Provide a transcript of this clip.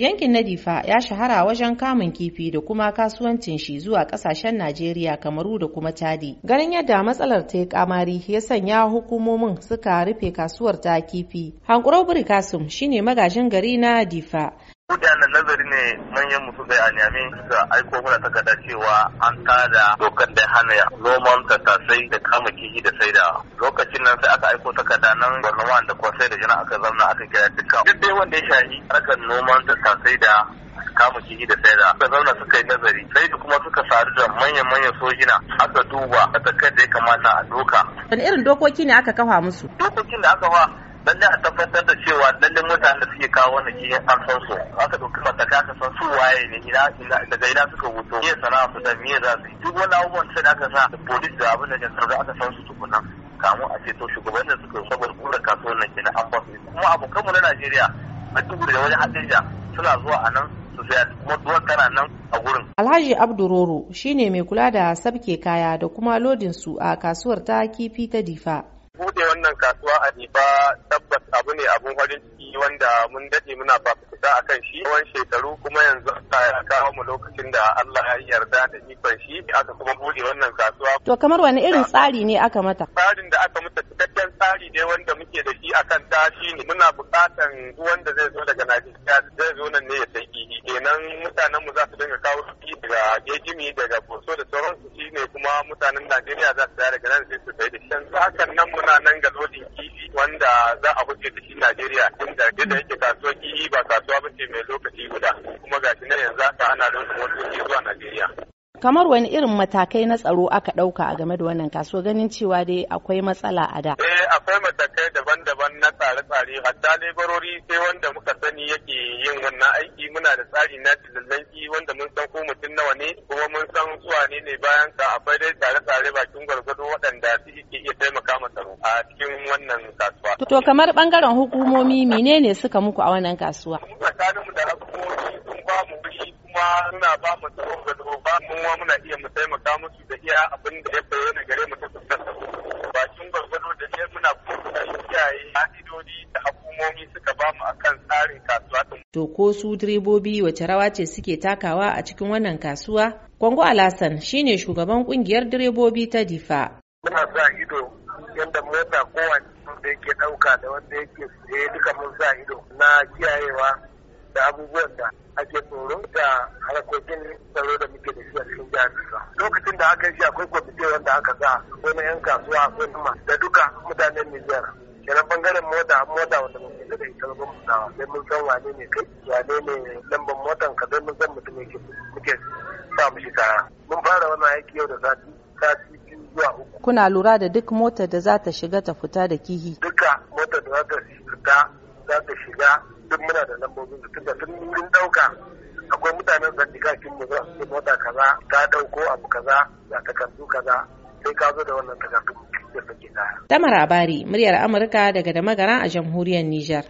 Yankin na ya shahara wajen kamun kifi da kuma kasuwancin shi zuwa kasashen Najeriya, Kamaru da kuma Chadi. Ganin yadda matsalar ta yi kamari ya sanya hukumomin suka rufe kasuwar ta kifi. Hankurau Burikasum shine magajin gari na Difa. Mutanen nazari ne manyan musu bai a Niamey suka aiko mana takarda cewa an tada dokar da hana noman tattasai da kama kiji da saida. Lokacin nan sai aka aiko takarda nan gwamnati da kwasai da jana aka zauna aka kira duka. Duk dai wanda ya shahi harkar noman tattasai da kama kiji da saida. Suka zauna suka yi nazari sai da kuma suka sadu da manyan-manyan sojina aka duba a kai da ya kamata a doka. Wani irin dokoki ne aka kafa musu? Dokokin da aka ba lalle a tabbatar da cewa lalle mutane suke kawo wani shi an san su aka dauki mataka aka san su waye ne ina daga ina suka wuto me sana'a su da me za su yi duk wani abubuwan sai aka sa da police da abin da ke sarrafa aka san su tukunna kamun a ceto shugaban da suka saboda kura kasuwar nan ke an ba su kuma abokanmu na Najeriya a duk da wajen Hadija suna zuwa a nan su sai kuma duwan kana nan a gurin. Alhaji Abduroro shine mai kula da sabke kaya da kuma lodin su a kasuwar ta kifi ta Difa. Buɗe wannan kasuwa a Jiba tabbas abu ne abun farin ciki wanda mun dade muna fafutuka a kan shi tsawon shekaru kuma yanzu aka kawo mu lokacin da Allah ya yarda da ikon shi aka kuma buɗe wannan kasuwa. To kamar wani irin tsari ne aka mata? Tsarin da aka mata cikakken tsari ne wanda muke da shi akan ta shi ne muna buƙatan wanda zai zo daga Najeriya zai zo nan ne ya sai kihi kenan mutanen mu za su dinga kawo su daga Gejimi daga Boso da sauransu shine kuma mutanen Najeriya nan sai su sai da shan hakan nan muna nan ga lodin kifi wanda za a huce da shi Najeriya inda da yake kasuwar kifi ba kasuwa ba ce mai lokaci guda kuma gashi na yanzu haka ana don motoci zuwa Najeriya. kamar wani irin matakai na tsaro aka ɗauka a game da wannan kasuwa ganin cewa dai akwai matsala a da. Eh akwai matakai daban-daban na tsare-tsare hatta lebarori sai wanda muka sani yake yin wannan aiki muna da tsari na tilallaki wanda mun san ko mutum nawa ne kuma mun san zuwa ne ne bayan wannan kasuwa. To kamar bangaren hukumomi menene suka muku a wannan kasuwa? Tsakanin mu da hukumomi sun ba mu fushi kuma suna ba mu tsaro da tsaro ba mu muna iya mu taimaka musu da iya abin da ya bayyana gare mu ta fuskanta. Bakin gwargwado da ne muna kuma kiyaye ka'idodi da hukumomi suka ba mu akan tsarin kasuwa. To ko su direbobi wace rawa ce suke takawa a cikin wannan kasuwa? Kwango Alasan shine shugaban kungiyar direbobi ta Difa. Muna sa ido yadda mota kowane da yake ɗauka da wanda yake tsaye duka mun sa ido na kiyayewa da abubuwan da ake tsoro da harkokin tsaro da muke da shi a cikin jihar Lokacin da aka yi shi akwai kwamiti wanda aka sa akwai na 'yan kasuwa akwai na da duka mutanen Nijar. Kenan bangaren mota mota wanda mun fita da ita ba mun sawa sai mun san wane ne kai wane ne lambar motan ka sai mun san mutum yake muke sa mishi kaya. kuna lura da duk motar da za ta shiga ta fita da kihi duka motar da za ta fita za ta shiga duk muna da lambobin tun da sun dauka akwai mutanen da diga kin mu mota kaza ta dauko abu kaza da takardu kaza sai ka zo da wannan takardun da sake kaya. Tamar Abari, muryar Amurka daga da a jamhuriyar Nijar.